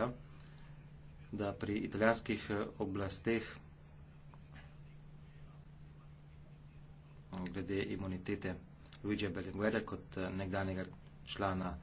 Vatikanka, da pri italijanskih eh, oblasteh eh, glede imunitete Luigi Berlinguerja kot eh, nekdanjega člana